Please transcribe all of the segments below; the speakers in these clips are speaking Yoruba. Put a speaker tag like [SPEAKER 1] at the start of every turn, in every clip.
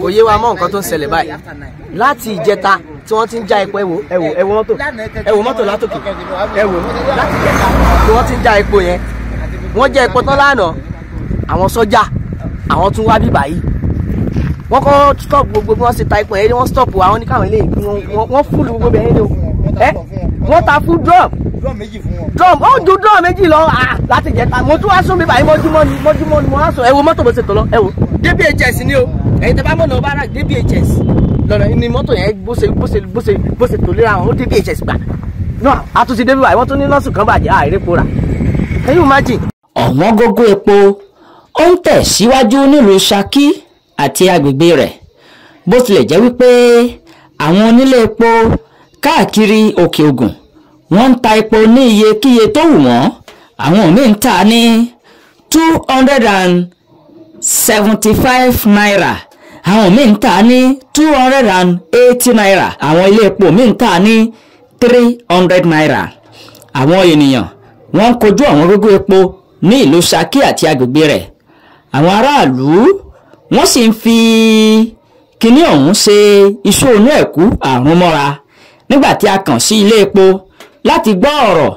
[SPEAKER 1] kò
[SPEAKER 2] yé wa mọ́ nǹkan tó ń ṣẹlẹ̀ báyìí láti ìjẹta tí wọ́n ti ń já epo ẹ̀wò ẹ̀wò ẹ̀wò mọ́tò
[SPEAKER 3] ẹ̀wò mọ́tò látòkè
[SPEAKER 2] ẹ̀wò láti ìjẹta tí wọ́n ti ń já epo yẹn wọ́n jẹ́ epo tán lánàá àwọn sọ́jà àwọn tún wá bíbà yìí wọ́n kọ́ stop gbogbo bí wọ́n ṣe ta epo yẹn wọ́n stop àwọn ní káwọn ilé wọ́n fúlù gbogbo bẹ̀yẹn ni o wọ́n ta fún drum drum ó ju drum méjì lọ ah, láti jẹta mo tún wá sún mi báyìí mọ́júmọ́ ni mọ́júmọ́ ni mo wá sọ ẹ wo bó ṣe tọ̀ lọ ẹ dbhs ni o ẹ̀yin tẹ́ bá mọ̀nà bára dbhs lọ́nà ni mọ́tò yẹn bó ṣe bó ṣe bó ṣe bó ṣe tò léra àwọn dbhs gbà náà àtúnṣe débi wà wọ́n tún ní nọ́ọ̀sì kan bàjẹ́ àìrèpo rà can you imagine.
[SPEAKER 1] ọ̀wọ́n gógó epo ó ń tẹ̀ síwájú nílùú Ṣakí àti agbègbè rẹ̀ bó tilẹ̀ jẹ́ wípé àwọn onílé epo káàkiri òkè Ògùn wọ́n ń ta epo ní iyekíye tó wù wọ́n àwọn míì ń tà ní two hundred and seventy five naira àwọn míì ń tà ní two hundred and eighty naira àwọn ilé epo míì ń tà ní three hundred naira àwọn ènìyàn wọ́n ń kojú àwọn gógó epo ní ìlú Ṣakí àti agbègbè rẹ̀ àwọn aráàlú wọ́n sì ń fi kinní ọ̀hún ṣe iṣẹ́ onú ẹ̀kú àrùn mọ́ra nígbà tí a kàn sí ilé epo láti gbọ́ ọ̀rọ̀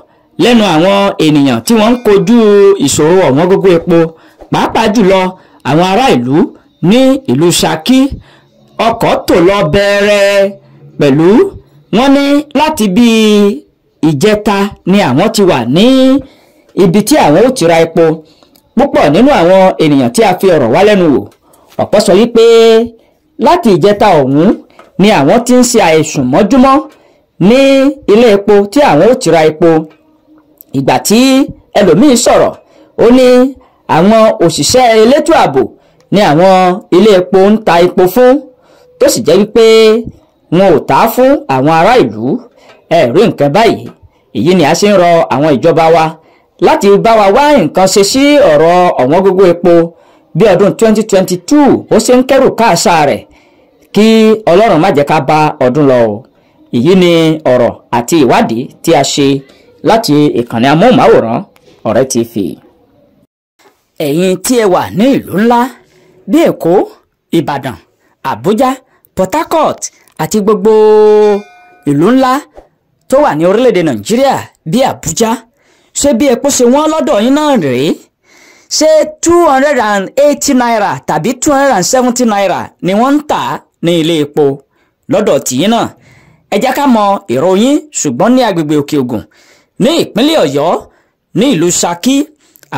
[SPEAKER 1] lẹ́nu àwọn ènìyàn tí wọ́n ń kojú ìṣòro ọ̀wọ́n gógó epo pàápàá jùlọ àwọn ará ìlú ní ìlú Ṣakí ọkọ̀ tò lọ bẹ̀rẹ̀ pẹ̀lú wọ́n ní láti bí ìjẹta ni àwọn ti wà ní ibi tí àwọn ò ti ra epo púpọ̀ nínú àwọn ènìyàn tí a fi ọ̀rọ̀ wá lẹ́nu wò ọ̀pọ̀ sọ wípé láti ìjẹta ọ̀hún ni àwọn ti ń ṣe àìsùn mọ́júmọ́ ní ilé epo tí àwọn ò ti ra epo ìgbà tí ẹlòmíín sọ̀rọ̀ ó ní àwọn òṣìṣẹ́ elétò ààbò ni àwọn ilé epo ń ta epo fún tó sì jẹ́ wípé wọn ò tà fún àwọn ará ìlú ẹ nǹkan báyìí èyí ni a ṣe ń rọ àwọn ìjọba wa láti bá wa wá nǹkan ṣe sí ọ̀rọ̀ ọ̀wọ́ngógó epo bí ọdún 2022 ó ṣe ń kẹ́rù káàṣà rẹ̀ kí ọlọ́run má jẹ́ ká bá ọdún lọ o èyí ni ọ̀rọ̀ àti ìwádìí tí a ṣe láti ìkànnì amóhùnmáwòrán ọ̀rẹ́ TV ẹ̀yin tí ẹ wà ní ìlú ńlá bí èkó ìbàdàn àbújá port harcourt àti gbogbo ìlú ńlá tó wà ní orílẹ̀-èdè nàìjíríà bí àbújá ṣé bí epo ṣe wọ́n lọ́dọ̀ yín náà rèé ṣé two hundred and eighty naira tàbí two hundred and seventy naira ni wọ́n ń tà ní ilé epo lọ́dọ̀ tìyín náà ẹ jẹ́ ká mọ ìròyìn ṣùgbọ́n ní agbègbè òkè ògùn ní ìpínlẹ̀ ọ̀yọ́ ní ìlú ṣakí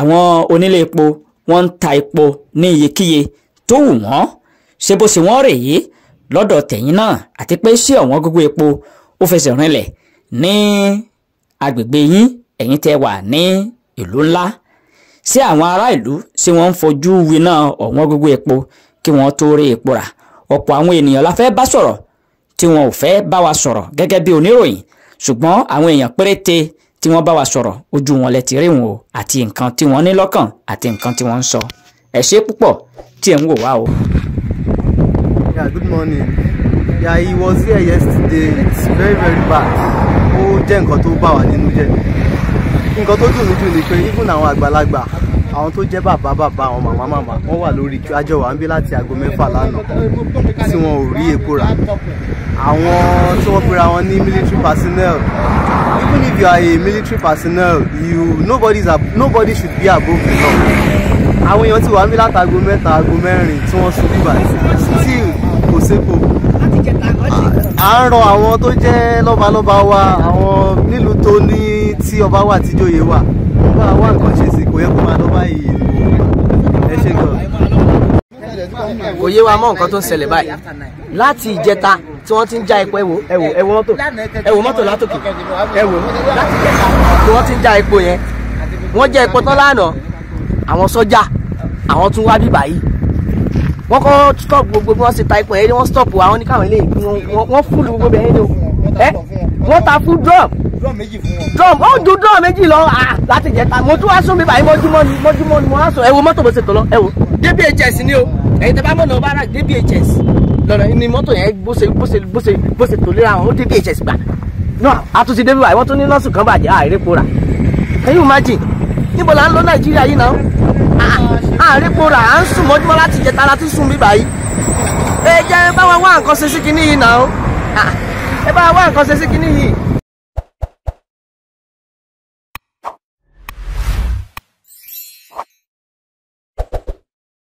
[SPEAKER 1] àwọn onílé epo wọ́n ń ta epo ní iyekíye tó wù wọ́n ṣe bó ṣe wọ́n rèé lọ́dọ̀ tẹ̀yìn náà àti pé ṣé ọ̀wọ́n gógó epo ó fẹsẹ̀ rinlẹ̀ ní agbègbè yín ẹ̀yin tẹ́ wà ní ìlú ńlá ṣé àwọn ará ìlú ṣé wọ́n ń fojú winá ọ̀wọ́n gógó epo kí wọ́n tó rí epo rà ọ̀pọ̀ àwọn ènìyàn la fẹ́ bá sọ̀rọ̀ tí wọn ò fẹ́ bá wa sọ̀rọ̀ gẹ́gẹ́ bí oníròyìn ṣùgbọ́n àwọn èèyàn péréte tí wọ́n bá wa sọ̀rọ̀ ojú wọn lẹ ti rí wọn o àti nǹkan tí wọ́n ní lọ́kàn àti nǹkan tí wọ́n ń sọ ẹ ṣé púpọ̀ tí ẹ ń wò wá o.
[SPEAKER 3] yeah good morning yeah he was here yesterday it's very very bad ó jẹ́ nǹkan tó bà wá nínú jẹ́ nǹkan tó dùn jù ni pé even àwọn àgbàlagbà àwọn tó jẹ́ bàbá bàbá àwọn màmá màmá wọ́n wà lórí kí ajọ wà ń bí láti aago mẹ́fà lánàá tí wọn ò rí epo rà àwọn tí wọ́n pera wọn ní military personnel even if you are a military personnel you nobody's ab nobody should be above you. law àwọn èèyàn ti wà mí látago mẹ́ta ago mẹ́rin tí wọ́n sun bíbà still kò sépo à ń rọ àwọn tó jẹ́ lọ́balọ́ba wa àwọn nílùú tó ní tí ọba wà tíjóye wà wọ́n bá wá nǹkan ṣe sí kò yẹ kó máa lọ báyìí ẹ ṣe gan. kò yé wa mọ nǹkan tó ń
[SPEAKER 2] ṣẹlẹ̀ báyìí láti ìjẹta tí wọ́n ti ń já epo ẹ̀wò ẹ̀wò ẹ̀wò mọ́tò ẹ̀wò mọ́tò látòkè ẹ̀wò láti jẹ̀ka tí wọ́n ti ń já epo yẹn wọ́n jẹ́ epo tán lánàá àwọn sọ́jà àwọn tún wá bí báyìí wọ́n kọ́ stop gbogbo bí wọ́n ṣe ta epo yẹn wọ́n stop àwọn oníkàwọn ilé wọ́n fúlù gbogbo bẹ́ẹ̀ ni o ẹ wọ́n ta fún drum drum ó ju drum méjì lọ láti jẹ̀ka mo tún wá sún mi báyìí mọ́júmọ́ ni mọ́júmọ́ ni mo wá sọ ẹ̀wò mọ́tò bó ṣe tọ̀ lọ ẹ̀wò débí ni o ẹ̀yin tẹ́ bá mọ̀ náà bá rà débí lọ́nà ni mọ́tò yẹn bó ṣe bó ṣe bó ṣe bó ṣe tò léra wọn ó débi ìṣẹ̀sì gbà náà àtúnṣe débi wa ìwọ́n tún ní nọ́ọ̀sì kan bàjẹ́ àìrèpo rà can you imagine níbo la ń lọ nàìjíríà yìí náà àìrèpo rà à ń sùn mọ́júmọ́ láti jẹ tara tún sùn bíbá yìí
[SPEAKER 1] ẹ jẹ́ báwa wá nǹkan ṣe sí kinní yìí náà ẹ báwa wá nǹkan ṣe sí kinní yìí.